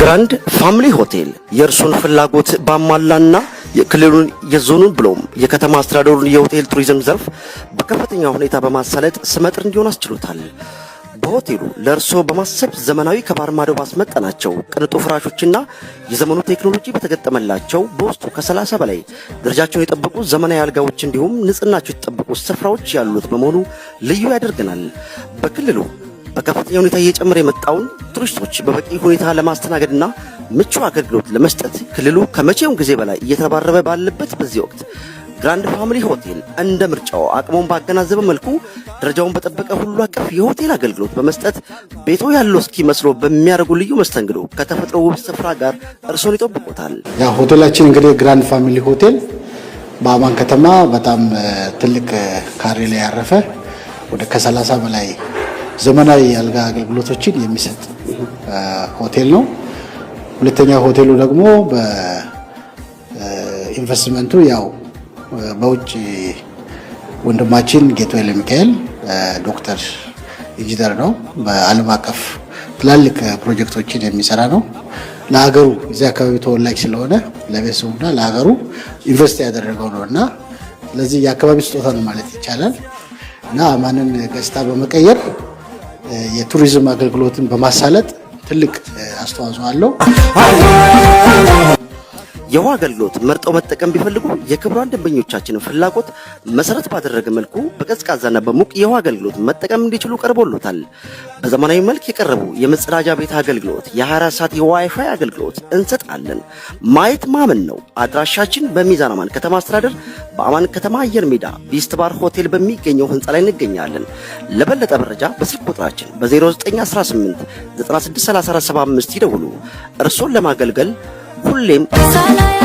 ግራንድ ፋሚሊ ሆቴል የእርሱን ፍላጎት ባሟላና የክልሉን የዞኑን ብሎም የከተማ አስተዳደሩን የሆቴል ቱሪዝም ዘርፍ በከፍተኛ ሁኔታ በማሳለጥ ስመጥር እንዲሆን አስችሎታል። በሆቴሉ ለእርስዎ በማሰብ ዘመናዊ ከባህር ማዶ ባስመጠናቸው ቅንጡ ፍራሾችና የዘመኑ ቴክኖሎጂ በተገጠመላቸው በውስጡ ከ በላይ ደረጃቸውን የጠበቁ ዘመናዊ አልጋዎች እንዲሁም ንጽህናቸው የተጠበቁ ስፍራዎች ያሉት በመሆኑ ልዩ ያደርገናል። በክልሉ በከፍተኛ ሁኔታ እየጨመረ የመጣውን ቱሪስቶች በበቂ ሁኔታ ለማስተናገድና ምቹ አገልግሎት ለመስጠት ክልሉ ከመቼውም ጊዜ በላይ እየተረባረበ ባለበት በዚህ ወቅት ግራንድ ፋሚሊ ሆቴል እንደ ምርጫው አቅሙን ባገናዘበ መልኩ ደረጃውን በጠበቀ ሁሉ አቀፍ የሆቴል አገልግሎት በመስጠት ቤቶ ያለው እስኪ መስሎ በሚያደርጉ ልዩ መስተንግዶ ከተፈጥሮ ውብ ስፍራ ጋር እርሶን ይጠብቆታል። ያ ሆቴላችን እንግዲህ ግራንድ ፋሚሊ ሆቴል በአማን ከተማ በጣም ትልቅ ካሬ ላይ ያረፈ ወደ ከ30 በላይ ዘመናዊ የአልጋ አገልግሎቶችን የሚሰጥ ሆቴል ነው። ሁለተኛ ሆቴሉ ደግሞ በኢንቨስትመንቱ ያው በውጭ ወንድማችን ጌቶ ለሚካኤል ዶክተር ኢንጂነር ነው። በዓለም አቀፍ ትላልቅ ፕሮጀክቶችን የሚሰራ ነው። ለሀገሩ እዚህ አካባቢ ተወላጅ ስለሆነ ለቤተሰቡና ለሀገሩ ኢንቨስት ያደረገው ነው እና ስለዚህ የአካባቢ ስጦታ ነው ማለት ይቻላል እና አማንን ገጽታ በመቀየር የቱሪዝም አገልግሎትን በማሳለጥ ትልቅ አስተዋጽኦ አለው። የውሃ አገልግሎት መርጠው መጠቀም ቢፈልጉ የክብሯን ደንበኞቻችንን ፍላጎት መሰረት ባደረገ መልኩ በቀዝቃዛና በሙቅ የውሃ አገልግሎት መጠቀም እንዲችሉ ቀርቦሎታል። በዘመናዊ መልክ የቀረቡ የመጸዳጃ ቤት አገልግሎት፣ የ24 ሰዓት የዋይፋይ አገልግሎት እንሰጣለን። ማየት ማመን ነው። አድራሻችን በሚዛን አማን ከተማ አስተዳደር በአማን ከተማ አየር ሜዳ ቢስትባር ሆቴል በሚገኘው ህንፃ ላይ እንገኛለን። ለበለጠ መረጃ በስልክ ቁጥራችን በ0918 963475 ይደውሉ። እርሶን ለማገልገል ሁሌም